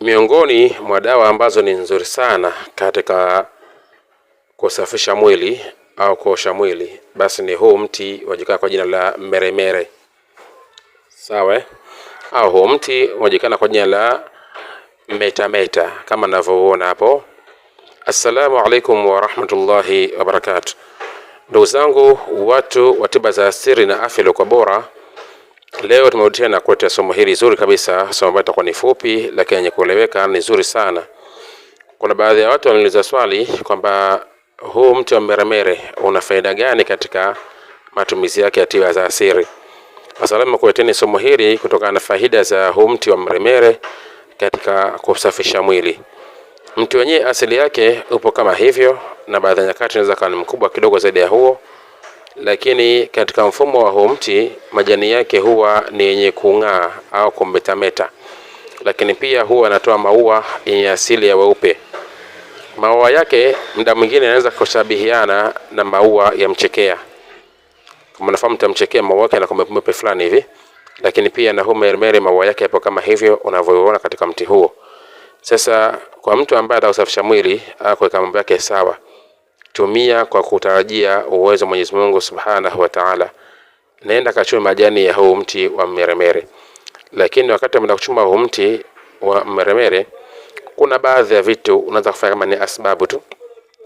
Miongoni mwa dawa ambazo ni nzuri sana katika kusafisha mwili au kuosha mwili basi ni huu mti wajulikana kwa jina la meremere sawa eh? au huu mti wajulikana kwa jina la metameta kama ninavyoona hapo. Assalamu alaikum warahmatullahi wabarakatu, ndugu zangu watu wa tiba za asili na afya iliyokuwa bora. Leo tumerudi tena kuletea somo hili zuri kabisa, somo ambalo litakuwa ni fupi lakini yenye kueleweka, ni zuri sana. Kuna baadhi ya watu wanauliza swali kwamba huu mti wa mmeremere una faida gani katika matumizi yake ya tiba za asili. Sasa leo kuleteni somo hili kutokana na faida za huu mti wa mmeremere katika kusafisha mwili. Mti wenyewe asili yake upo kama hivyo, na baadhi ya nyakati unaweza kuwa ni mkubwa kidogo zaidi ya huo lakini katika mfumo wa huu mti majani yake huwa ni yenye kung'aa au kumetameta, lakini pia huwa anatoa maua yenye asili ya weupe. Maua yake muda mwingine yanaweza kushabihiana na maua ya mchekea. Kama unafahamu mtamchekea, maua yake yanakuwa meupe fulani hivi, lakini pia na mermere, maua yake yapo kama hivyo unavyoona katika mti huo. Sasa kwa mtu ambaye atausafisha mwili au kuweka mambo yake sawa tumia kwa kutarajia uwezo wa Mwenyezi Mungu Subhanahu wa Ta'ala. Nenda kachume majani ya huu mti wa mmeremere. Lakini wakati umeenda kuchuma huu mti wa mmeremere, kuna baadhi ya vitu unaweza kufanya kama ni asbabu tu,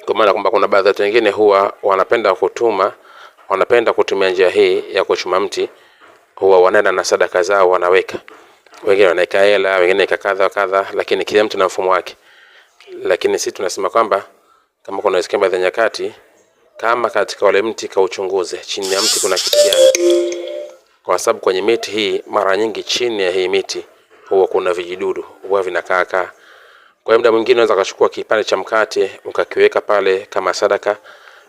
kwa maana kwamba kuna baadhi ya watu wengine huwa wanapenda kutuma, wanapenda kutumia njia hii ya kuchuma mti, huwa wanaenda na sadaka zao wanaweka, wengine wanaweka hela, wengine kadha kadha, lakini kila mtu na mfumo wake. Lakini sisi tunasema kwamba kama kuna wezekano baadhi nyakati, kama katika wale mti kauchunguze chini ya mti kuna kitu gani, kwa sababu kwenye miti hii mara nyingi chini ya hii miti huwa kuna vijidudu huwa vinakaa Kwa muda mwingine unaweza kachukua kipande cha mkate ukakiweka pale kama sadaka,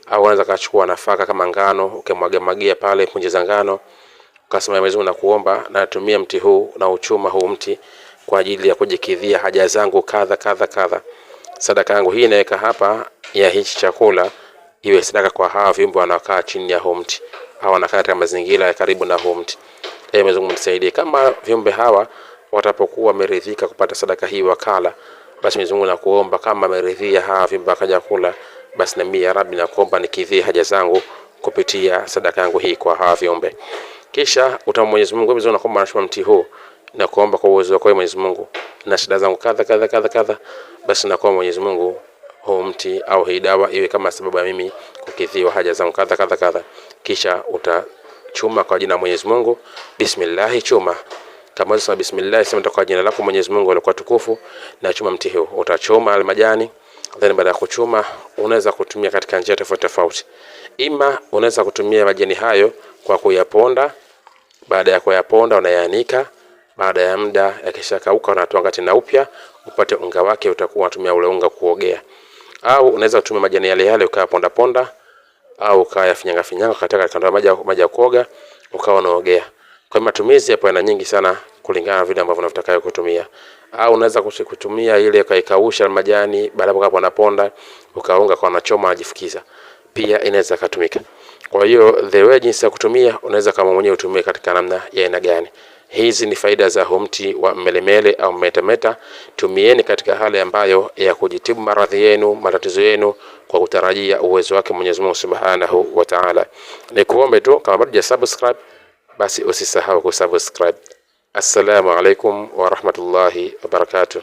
au unaweza kachukua nafaka kama ngano ukemwaga magia pale punje za ngano, ukasema Mwenyezi Mungu nakuomba, natumia mti huu na uchuma huu mti kwa ajili ya kujikidhia haja zangu kadha kadha kadha. Sadaka yangu hii inaweka hapa ya hichi chakula iwe sadaka kwa hawa viumbe wanaokaa chini ya huu mti au wanakaa katika mazingira ya karibu na huu mti. Ee Mwenyezi Mungu msaidie, kama viumbe hawa watapokuwa wameridhika kupata sadaka hii wakala, basi Mwenyezi Mungu nakuomba, kama ameridhia hawa viumbe wakaja kula, basi na mimi ya Rabbi nakuomba nikidhie haja zangu kupitia sadaka yangu hii kwa hawa viumbe. Kisha utamwomba Mwenyezi Mungu, Mwenyezi Mungu nakuomba nashika mti huu na kuomba kwa uwezo wako Mwenyezi Mungu na shida zangu kadha kadha kadha kadha, basi nakuomba Mwenyezi Mungu homti au hii dawa iwe kama sababu ya mimi kukidhiwa haja zangu kadha kadha kadha, kisha utachuma kwa jina la Mwenyezi Mungu, bismillah, chuma kama sema bismillah, sema kwa jina lako Mwenyezi Mungu alikuwa tukufu, na chuma mti huu. Utachoma majani. then baada ya kuchuma unaweza kutumia katika njia tofauti tofauti. Ima unaweza kutumia majani hayo kwa kuyaponda. Baada ya kuyaponda, unayaanika. Baada ya muda yakishakauka, unatwanga tena upya upate unga wake, utakuwa unatumia ule unga kuogea au unaweza kutumia majani yale yale ukayaponda ponda au ukaya finyanga finyanga katika kando ya maji maji ya kuoga ukawa unaogea. Kwa hiyo matumizi hapo yana nyingi sana kulingana na vile ambavyo unavyotaka kutumia. Au unaweza kutumia ile ukaikausha majani baada ya ponda ponda ukaunga kwa nachoma ajifukiza. Pia inaweza kutumika. Kwa hiyo the way jinsi ya kutumia unaweza kama mwenyewe utumie katika namna ya aina gani. Hizi ni faida za humti wa mmelemele au metameta Tumieni katika hali ambayo ya kujitibu maradhi yenu, matatizo yenu kwa kutarajia uwezo wake Mwenyezi Mungu Subhanahu wa Ta'ala. Nikuombe tu kama bado hujasubscribe basi usisahau kusubscribe. Assalamu alaikum wa rahmatullahi wa barakatuh.